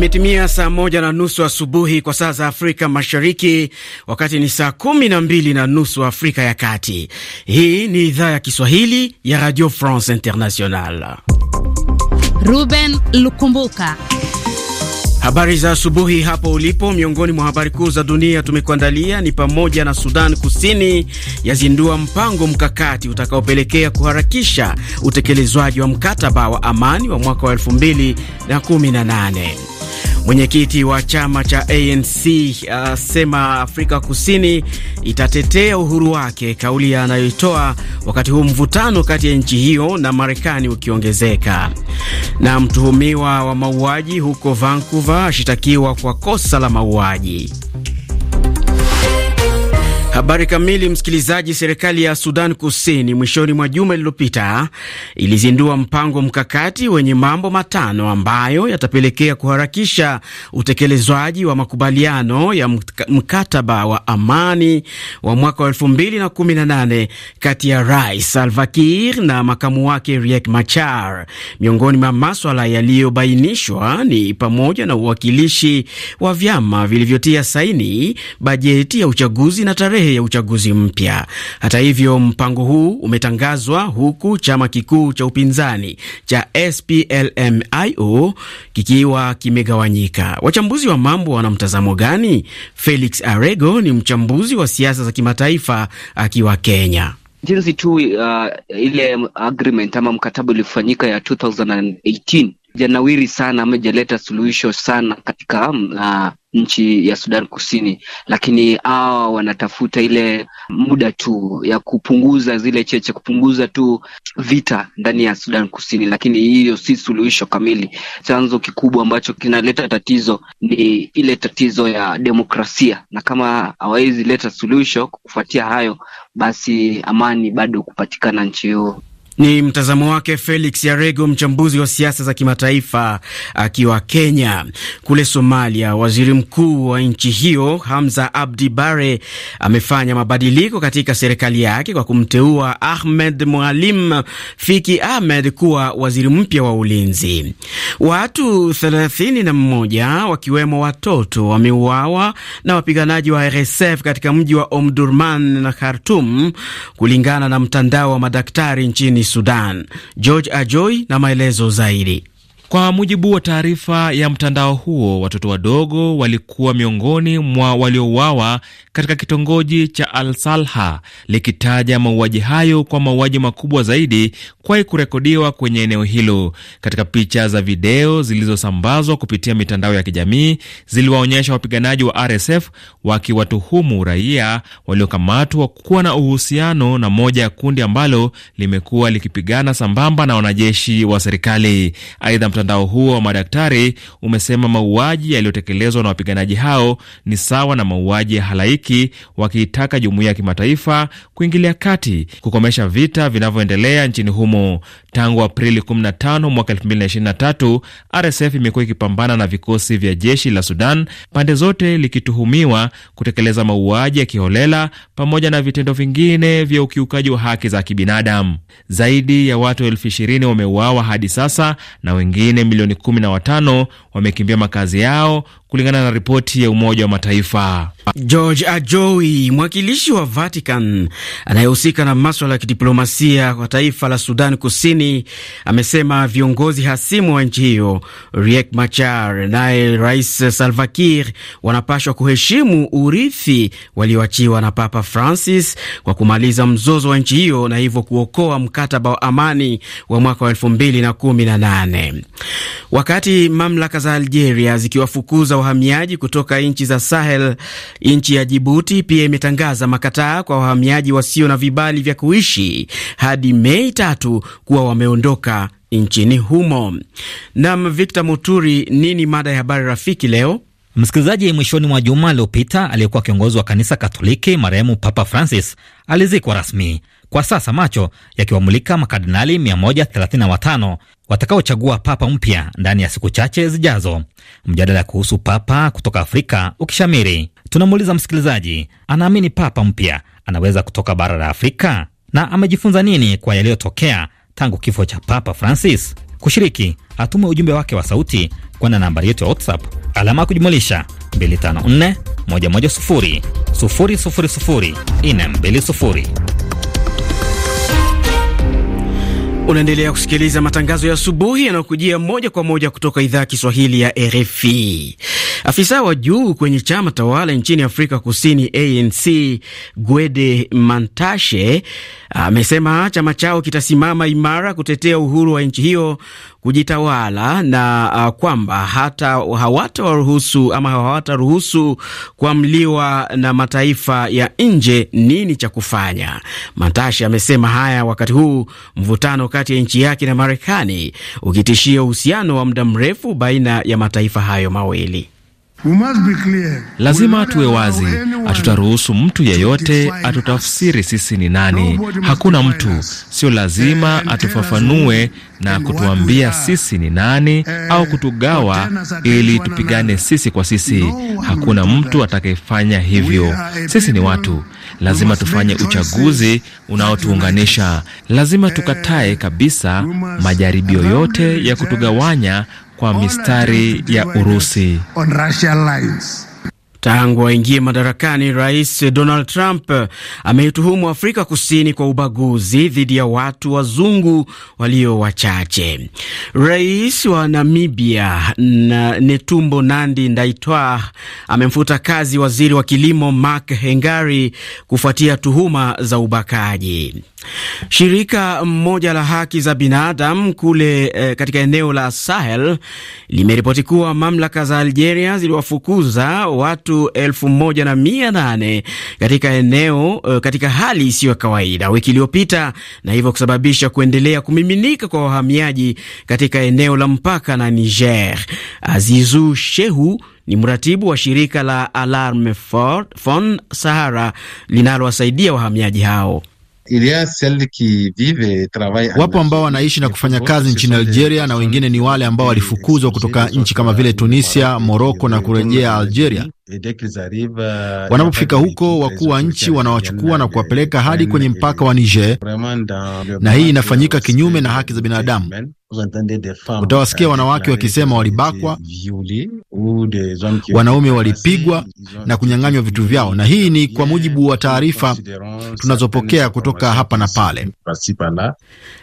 Imetimia saa moja na nusu asubuhi kwa saa za Afrika Mashariki, wakati ni saa kumi na mbili na nusu Afrika ya Kati. Hii ni idhaa ya Kiswahili ya Radio France International. Ruben Lukumbuka, habari za asubuhi hapo ulipo. Miongoni mwa habari kuu za dunia tumekuandalia ni pamoja na Sudan Kusini yazindua mpango mkakati utakaopelekea kuharakisha utekelezwaji wa mkataba wa amani wa mwaka wa 2018. Mwenyekiti wa chama cha ANC asema uh, Afrika Kusini itatetea uhuru wake, kauli anayoitoa wakati huu mvutano kati ya nchi hiyo na Marekani ukiongezeka. Na mtuhumiwa wa mauaji huko Vancouver ashitakiwa kwa kosa la mauaji. Habari kamili, msikilizaji. Serikali ya Sudan Kusini mwishoni mwa juma lililopita ilizindua mpango mkakati wenye mambo matano ambayo yatapelekea kuharakisha utekelezwaji wa makubaliano ya mkataba wa amani wa mwaka wa 2018 kati ya Rais Salva Kiir na makamu wake Riek Machar. Miongoni mwa maswala yaliyobainishwa ni pamoja na uwakilishi wa vyama vilivyotia saini, bajeti ya uchaguzi na tarehe tarehe ya uchaguzi mpya. Hata hivyo, mpango huu umetangazwa huku chama kikuu cha upinzani cha SPLMIO kikiwa kimegawanyika. Wachambuzi wa mambo wana mtazamo gani? Felix Arego ni mchambuzi wa siasa za kimataifa akiwa Kenya. Jinsi tu uh, ile agreement ama mkataba uliofanyika ya 2018 janawiri sana ama ijaleta suluhisho sana katika uh, nchi ya Sudan Kusini, lakini hawa uh, wanatafuta ile muda tu ya kupunguza zile cheche, kupunguza tu vita ndani ya Sudan Kusini, lakini hiyo si suluhisho kamili. Chanzo kikubwa ambacho kinaleta tatizo ni ile tatizo ya demokrasia, na kama hawawezi leta suluhisho kufuatia hayo, basi amani bado kupatikana nchi huo ni mtazamo wake Felix Yarego, mchambuzi wa siasa za kimataifa akiwa Kenya. Kule Somalia, waziri mkuu wa nchi hiyo Hamza Abdi Bare amefanya mabadiliko katika serikali yake kwa kumteua Ahmed Mwalim Fiki Ahmed kuwa waziri mpya wa ulinzi. Watu 31 wakiwemo watoto wameuawa na wapiganaji wa RSF katika mji wa Omdurman na Khartum, kulingana na mtandao wa madaktari nchini Sudan. George Ajoi na maelezo zaidi. Kwa mujibu wa taarifa ya mtandao huo, watoto wadogo walikuwa miongoni mwa waliouawa katika kitongoji cha Al Salha, likitaja mauaji hayo kwa mauaji makubwa zaidi kwahi kurekodiwa kwenye eneo hilo. Katika picha za video zilizosambazwa kupitia mitandao ya kijamii, ziliwaonyesha wapiganaji wa RSF wakiwatuhumu raia waliokamatwa kuwa na uhusiano na moja ya kundi ambalo limekuwa likipigana sambamba na wanajeshi wa serikali. Aidha, Mtandao huo wa madaktari umesema mauaji yaliyotekelezwa na wapiganaji hao ni sawa na mauaji ya halaiki, wakiitaka jumuiya ya kimataifa kuingilia kati kukomesha vita vinavyoendelea nchini humo. Tangu Aprili 15 mwaka 2023, RSF imekuwa ikipambana na vikosi vya jeshi la Sudan, pande zote likituhumiwa kutekeleza mauaji ya kiholela pamoja na vitendo vingine vya ukiukaji wa haki za kibinadamu. Zaidi ya watu elfu ishirini wameuawa hadi sasa na wengine wengine milioni kumi na watano wamekimbia makazi yao kulingana na ripoti ya Umoja wa Mataifa. George Ajoi, mwakilishi wa Vatican anayehusika na maswala ya kidiplomasia kwa taifa la Sudan Kusini, amesema viongozi hasimu wa nchi hiyo Riek Machar naye Rais Salva Kiir wanapashwa kuheshimu urithi walioachiwa na Papa Francis kwa kumaliza mzozo wa nchi hiyo na hivyo kuokoa mkataba wa amani wa mwaka wa 2018 wakati mamlaka za Algeria zikiwafukuza wahamiaji kutoka nchi za Sahel. Nchi ya Jibuti pia imetangaza makataa kwa wahamiaji wasio na vibali vya kuishi hadi Mei tatu kuwa wameondoka nchini humo. Nam Victor Muturi, nini mada ya habari rafiki leo? Msikilizaji, mwishoni mwa juma aliyopita aliyekuwa kiongozi wa kanisa Katoliki marehemu Papa Francis alizikwa rasmi, kwa sasa macho yakiwamulika makardinali 135 watakaochagua papa mpya ndani ya siku chache zijazo, mjadala kuhusu papa kutoka Afrika ukishamiri. Tunamuuliza msikilizaji, anaamini papa mpya anaweza kutoka bara la Afrika na amejifunza nini kwa yaliyotokea tangu kifo cha Papa Francis. Kushiriki, atume ujumbe wake wa sauti kwenda nambari yetu ya WhatsApp alama ya kujumulisha 254 110 000 420. Unaendelea kusikiliza matangazo ya asubuhi yanayokujia moja kwa moja kutoka idhaa ya Kiswahili ya RFI. Afisa wa juu kwenye chama tawala nchini Afrika Kusini, ANC, Gwede Mantashe amesema chama chao kitasimama imara kutetea uhuru wa nchi hiyo kujitawala na uh, kwamba hata hawatawaruhusu ama hawataruhusu kuamliwa na mataifa ya nje nini cha kufanya. Mantashe amesema haya wakati huu mvutano kati ya nchi yake na Marekani ukitishia uhusiano wa muda mrefu baina ya mataifa hayo mawili. Lazima tuwe wazi, hatutaruhusu mtu yeyote atutafsiri sisi ni nani. Hakuna mtu, sio lazima atufafanue na kutuambia sisi ni nani au kutugawa ili tupigane sisi kwa sisi. Hakuna mtu atakayefanya hivyo. Sisi ni watu Lazima tufanye uchaguzi unaotuunganisha. Lazima eh, tukatae kabisa majaribio yote ya kutugawanya kwa mistari ya Urusi. Tangu aingie madarakani, Rais Donald Trump ameituhumu Afrika Kusini kwa ubaguzi dhidi ya watu wazungu walio wachache. Rais wa Namibia na Netumbo Nandi Ndaitwa amemfuta kazi waziri wa kilimo Mark Hengari kufuatia tuhuma za ubakaji. Shirika mmoja la haki za binadamu kule eh, katika eneo la Sahel limeripoti kuwa mamlaka za Algeria ziliwafukuza watu watu elfu moja na mia nane katika eneo uh, katika hali isiyo ya kawaida wiki iliyopita, na hivyo kusababisha kuendelea kumiminika kwa wahamiaji katika eneo la mpaka na Niger. Azizu Shehu ni mratibu wa shirika la Alarm Fon Sahara linalowasaidia wahamiaji hao. Wapo ambao wanaishi na kufanya kazi nchini Algeria na wengine ni wale ambao walifukuzwa kutoka nchi kama vile Tunisia, Moroko na kurejea Algeria. Wanapofika huko, wakuu wa nchi wanawachukua na kuwapeleka hadi kwenye mpaka wa Niger, na hii inafanyika kinyume na haki za binadamu. Utawasikia wanawake wakisema walibakwa, Wanaume walipigwa na kunyang'anywa vitu vyao, na hii ni kwa mujibu wa taarifa tunazopokea kutoka hapa na pale.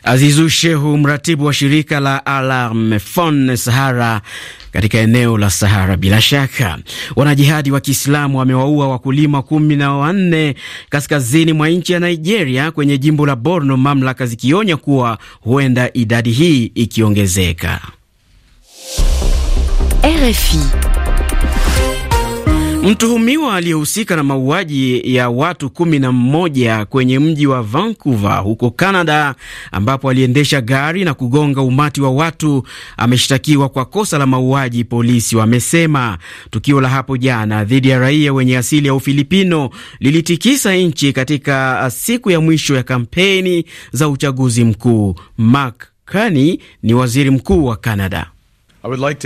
Azizu Shehu, mratibu wa shirika la Alarm Fon Sahara katika eneo la Sahara. Bila shaka wanajihadi wa Kiislamu wamewaua wakulima kumi na wanne kaskazini mwa nchi ya Nigeria kwenye jimbo la Borno, mamlaka zikionya kuwa huenda idadi hii ikiongezeka. RFI. Mtuhumiwa aliyehusika na mauaji ya watu kumi na mmoja kwenye mji wa Vancouver huko Canada, ambapo aliendesha gari na kugonga umati wa watu ameshtakiwa kwa kosa la mauaji, polisi wamesema. Tukio la hapo jana dhidi ya raia wenye asili ya Ufilipino lilitikisa nchi katika siku ya mwisho ya kampeni za uchaguzi mkuu. Mark Carney ni waziri mkuu wa Canada like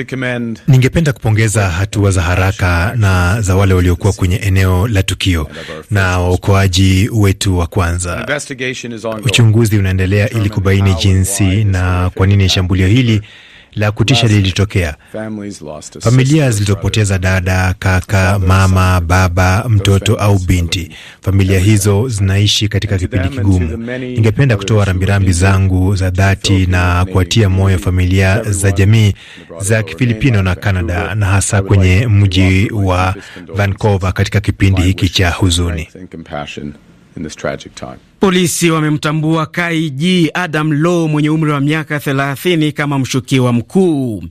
ningependa kupongeza hatua za haraka na za wale waliokuwa kwenye eneo la tukio na waokoaji wetu wa kwanza. Uchunguzi unaendelea ili kubaini jinsi na kwa nini shambulio hili la kutisha lilitokea. Familia zilizopoteza dada, kaka, mama, baba, mtoto au binti. Familia hizo zinaishi katika kipindi kigumu. Ningependa kutoa rambirambi zangu za dhati na kuwatia moyo familia za jamii za Kifilipino na canada na hasa kwenye mji wa Vancouver katika kipindi hiki cha huzuni in this tragic time. Polisi wamemtambua Kai G Adam Low mwenye umri wa miaka 30 kama mshukiwa mkuu.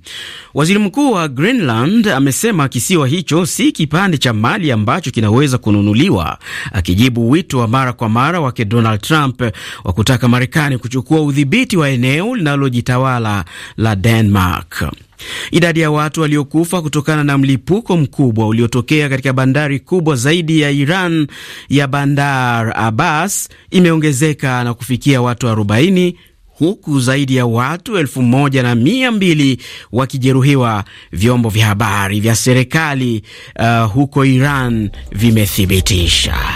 Waziri mkuu wa Greenland amesema kisiwa hicho si kipande cha mali ambacho kinaweza kununuliwa, akijibu wito wa mara kwa mara wake Donald Trump wa kutaka Marekani kuchukua udhibiti wa eneo linalojitawala la Denmark. Idadi ya watu waliokufa kutokana na mlipuko mkubwa uliotokea katika bandari kubwa zaidi ya Iran ya Bandar Abbas imeongezeka na kufikia watu 40 huku zaidi ya watu elfu moja na mia mbili wakijeruhiwa, vyombo vya habari vya serikali uh, huko Iran vimethibitisha.